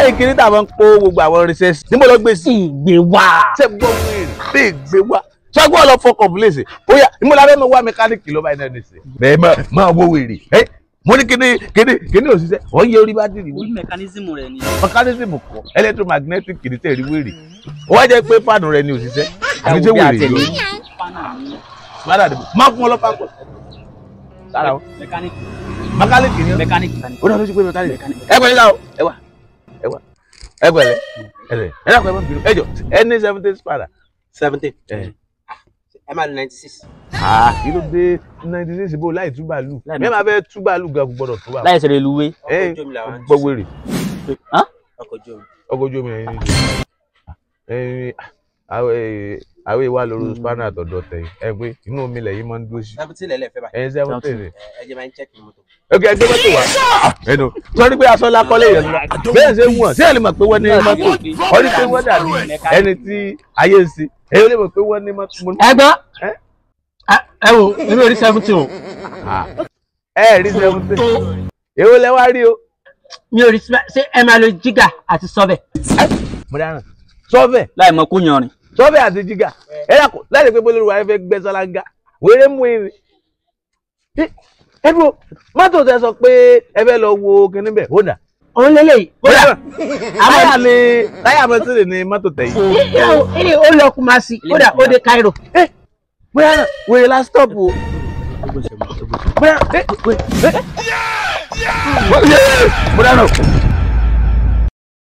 lẹ́yìn kiri táwọn ń kó gbogbo àwọn rìsẹ́sì níbo ló gbé sí ìgbé wá sẹ́gbọ́n wẹ̀rẹ̀ bí ìgbé wá sọ́gbọ́n lọ fọkàn bùlẹ̀sì ó níbo la fẹ́ mọ wá mẹkáníìkì ló bá iná ní sí. bẹ́ẹ̀ máa máa wó wèrè mo ní kíní kíní kíní òṣìṣẹ́ ọ̀ yẹ orí bátìrì. orí mẹkánísìmù rẹ ni. mẹkánísìmù kọ electromagnetic kìí tẹ̀ rí wèrè ó wá jẹ́ pé fáànù rẹ ni òṣìṣẹ́ àbí tẹ́ wèrè ẹ ẹ pẹ̀lẹ́ ẹ dàpọ̀ ẹ bá bínú ẹ jọ ẹ ní seventeen spada. seventeen ẹ máa lo ninety six. aa kí ló dé ninety six bó láì tú bàálù mẹ́ẹ̀ máa fẹ́ tú bàálù gan kò gbọ́dọ̀ tú bàálù. láì ṣẹlẹ̀ lu wé. ẹ gbọ́ wèrè. ọkọ̀ ojú omi. ọkọ̀ ojú omi àwẹ̀ wa lóru hmm. spanner àtọ̀dọ̀ tẹ̀yìn ẹ pé inú omi lẹ̀ yìí máa ń dúró sí. seventeen lẹ̀ lẹ̀ fẹ́ báyìí. ẹ seventeen rẹ̀. ẹ jẹ́ máa ń check mọ́tò. ok ẹ gbé mọ́tò wá. ẹnu sọrí pé asọ́lá kọ́lé yẹn lọ bẹ́ẹ̀ ṣe ń wọ̀n sí ẹ̀ lè mọ̀ pé wọ́n ní mọ́tò ọ̀rí pé wọ́n dàbí ẹni tí ayé ń ṣe èyí lè mọ̀ pé wọ́n ní mọ́tò. ẹ o. ẹ rí seventeen èwo lẹ rí o. mi ò rí ṣé ẹ máa lo jígà àti sọ́bẹ̀. mo dáná sọ́bẹ̀. láì mọ kó yanrin tọ́fẹ̀ àti jígà ẹ̀yà kò láti pé bọ́lẹ́rù wáyé fẹ́ gbẹ́ sálángà wéré mú irin. ẹ̀dùn mọ́tò tẹ sọ pé ẹ fẹ́ lọ wo kinní bẹ̀ ó dà. òun lélẹ̀ yìí. táyà ni táyà mi sílẹ̀ ni mọ́tò tẹ̀ yìí. ó lọ Kumasi ó dà ó dé Cairo. Eh, bóyá wèrè la stop o. bóyá eh, bóyá eh, bóyá náà.